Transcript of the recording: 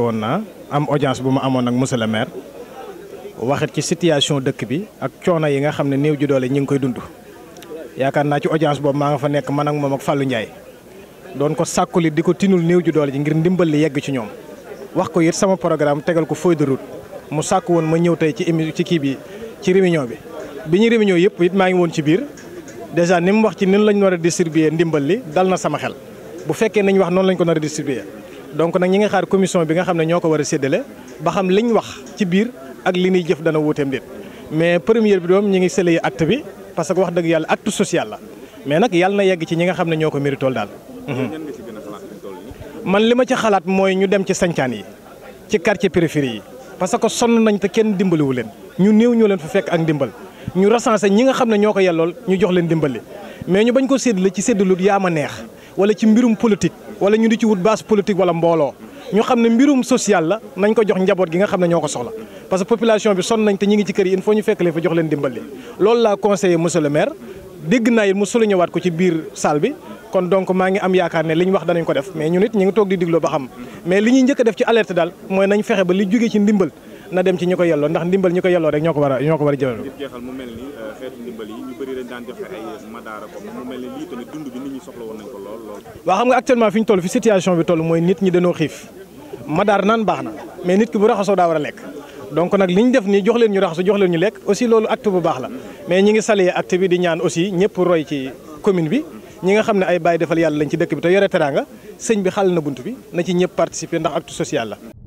déplacé woon naa am audience bu ma amoon ak monsieur le maire waxit ci situation dëkk bi ak coono yi nga xam ne néew ji doole ñi ngi koy dund. yaakaar naa ci audience boobu maa nga fa nekk man ak moom ak Fallou njaay doon ko sàkkuli di ko tinul néew ji doole ji ngir ndimbal li yegg ci ñoom wax ko it sama programme tegal ko feuille de mu sàkk woon ma ñëw tey ci émi ci kii bi ci réunion bi. bi ñu réunion yëpp it maa ngi woon ci biir déjà ni mu wax ci nin lañ war a distribuer ndimbal li dal na sama xel bu fekkee nañ wax noonu lañ ko nar donc nag ñi nga xaar commission bi nga xam ne ñoo ko war a séddale ba xam liñ wax ci biir ak li ñuy jëf dana wuuteem déet mais première bi doom ñi ngi sëlee acte bi parce que wax dëgg yàlla acte social la mais nag yàlla na yegg ci ñi nga xam ne ñoo ko méritool daal. Mhm. man li ma ci xalaat mooy ñu dem ci sañcaan yi ci quartier périphérie yi parce que sonn nañ te kenn dimbaliwu leen ñu néew ñoo leen fu fekk ak ndimbal ñu recensé ñi nga xam ne ñoo ko yellool ñu jox dimbali mais ñu bañ ko séddale ci séddalut yaa ma neex wala ci mbirum politique. wala ñu di ci wut base politique wala mbooloo ñu xam ne mbirum social la nañ ko jox njaboot gi nga xam ne ñoo ko soxla parce que population bi sonn nañ te ñi ngi ci kër yi il faut ñu fekk leen fa jox leen dimbali loolu laa conseillé monsieur le maire dégg naa ko ci biir salle bi kon donc maa ngi am yaakaar ne li ñu wax danañ ko def mais ñun it ñu ngi toog di digloo ba xam mais li ñuy njëkk a def ci alerte daal mooy nañ fexe ba li jógee ci ndimbal na dem ci ñi ko yelloo ndax ndimbal ñi ko yelloo rek ñoo ko war a ñoo a jëlal mu mel ni euh, xeetu ndimbal yi ñu bëri dañ daan joxe ay madaara ko mu mel ni lii tamit dund bi nit ñi soxla lool lool waaw xam nga fi ñu toll fi situation bi toll mooy nit ñi dañoo xiif madaar naan baax na mais nit ki bu raxasoo daa war a lekk donc nag li ñu def nii jox leen ñu raxasu jox leen ñu lekk aussi loolu acte bu baax la mais ñi ngi saluer acte bi di ñaan aussi ñëpp roy ci commune bi ñi nga xam ne ay bàyyi defal yàlla lañ ci dëkk bi te yore teraanga sëñ bi na bunt bi na ci ñëpp participer ndax acte social la